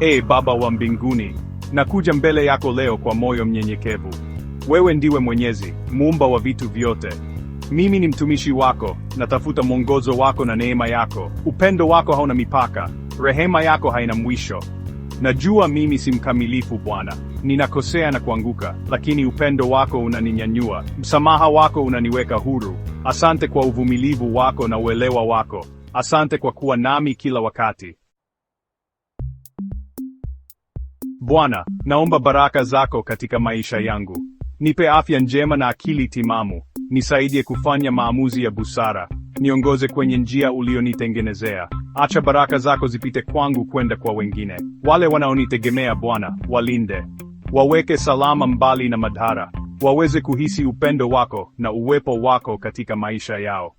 Ee Baba wa mbinguni, nakuja mbele yako leo kwa moyo mnyenyekevu. Wewe ndiwe Mwenyezi, muumba wa vitu vyote. Mimi ni mtumishi wako, natafuta mwongozo wako na neema yako. Upendo wako hauna mipaka, rehema yako haina mwisho. Najua mimi si mkamilifu Bwana, ninakosea na kuanguka, lakini upendo wako unaninyanyua, msamaha wako unaniweka huru. Asante kwa uvumilivu wako na uelewa wako. Asante kwa kuwa nami kila wakati. Bwana, naomba baraka zako katika maisha yangu. Nipe afya njema na akili timamu. Nisaidie kufanya maamuzi ya busara. Niongoze kwenye njia ulionitengenezea. Acha baraka zako zipite kwangu kwenda kwa wengine. Wale wanaonitegemea Bwana, walinde. Waweke salama mbali na madhara. Waweze kuhisi upendo wako na uwepo wako katika maisha yao.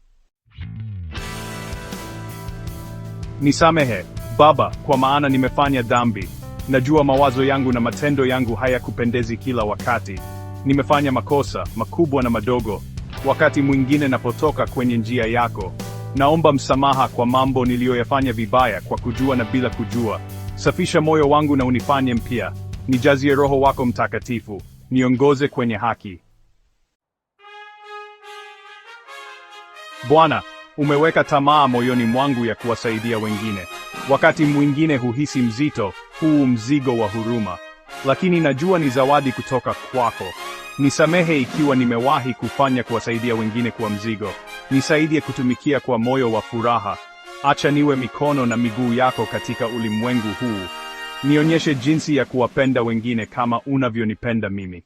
Nisamehe, Baba, kwa maana nimefanya dhambi. Najua mawazo yangu na matendo yangu hayakupendezi kila wakati. Nimefanya makosa makubwa na madogo, wakati mwingine napotoka kwenye njia yako. Naomba msamaha kwa mambo niliyoyafanya vibaya, kwa kujua na bila kujua. Safisha moyo wangu na unifanye mpya. Nijazie Roho wako Mtakatifu, niongoze kwenye haki. Bwana, umeweka tamaa moyoni mwangu ya kuwasaidia wengine. Wakati mwingine huhisi mzito huu mzigo wa huruma, lakini najua ni zawadi kutoka kwako. Nisamehe ikiwa nimewahi kufanya kuwasaidia wengine kwa mzigo. Nisaidie kutumikia kwa moyo wa furaha. Acha niwe mikono na miguu yako katika ulimwengu huu. Nionyeshe jinsi ya kuwapenda wengine kama unavyonipenda mimi.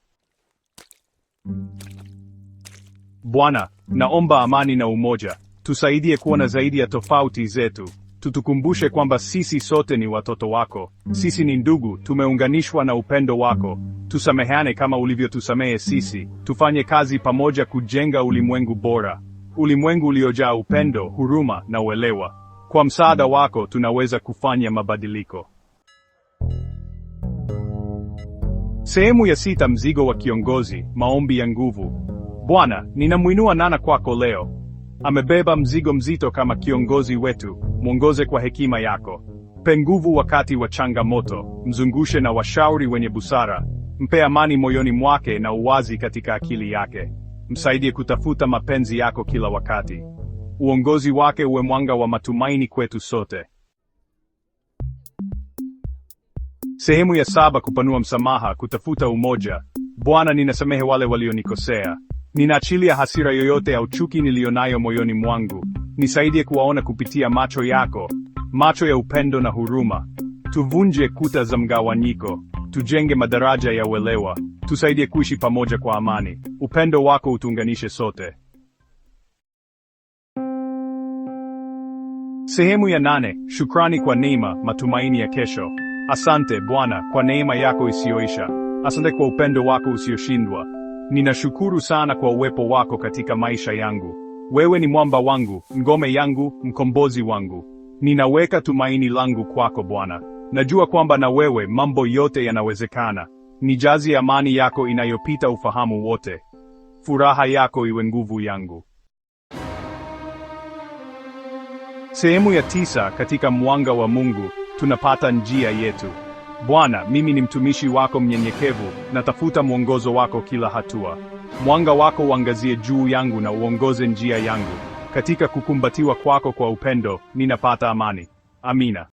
Bwana, naomba amani na umoja. Tusaidie kuona zaidi ya tofauti zetu tutukumbushe kwamba sisi sote ni watoto wako, sisi ni ndugu, tumeunganishwa na upendo wako. Tusamehane kama ulivyotusamehe sisi, tufanye kazi pamoja kujenga ulimwengu bora, ulimwengu uliojaa upendo, huruma na uelewa. Kwa msaada wako tunaweza kufanya mabadiliko. Sehemu ya sita: mzigo wa kiongozi, maombi ya nguvu. Bwana, ninamwinua Nana kwako leo. Amebeba mzigo mzito kama kiongozi wetu mwongoze kwa hekima yako, mpe nguvu wakati wa changamoto, mzungushe na washauri wenye busara, mpe amani moyoni mwake na uwazi katika akili yake, msaidie kutafuta mapenzi yako kila wakati. Uongozi wake uwe mwanga wa matumaini kwetu sote. Sehemu ya saba: kupanua msamaha, kutafuta umoja. Bwana, ninasamehe wale walionikosea, ninaachilia hasira yoyote au chuki niliyonayo moyoni mwangu. Nisaidie kuwaona kupitia macho yako, macho ya upendo na huruma. Tuvunje kuta za mgawanyiko, tujenge madaraja ya uelewa, tusaidie kuishi pamoja kwa amani. Upendo wako utuunganishe sote. Sehemu ya nane: shukrani kwa neema, matumaini ya kesho. Asante Bwana kwa neema yako isiyoisha, asante kwa upendo wako usioshindwa. Ninashukuru sana kwa uwepo wako katika maisha yangu. Wewe ni mwamba wangu, ngome yangu, mkombozi wangu. Ninaweka tumaini langu kwako Bwana. Najua kwamba na wewe mambo yote yanawezekana. Nijazi amani yako inayopita ufahamu wote. Furaha yako iwe nguvu yangu. Sehemu ya tisa katika mwanga wa Mungu tunapata njia yetu. Bwana, mimi ni mtumishi wako mnyenyekevu, natafuta mwongozo wako kila hatua. Mwanga wako uangazie juu yangu na uongoze njia yangu. Katika kukumbatiwa kwako kwa upendo, ninapata amani. Amina.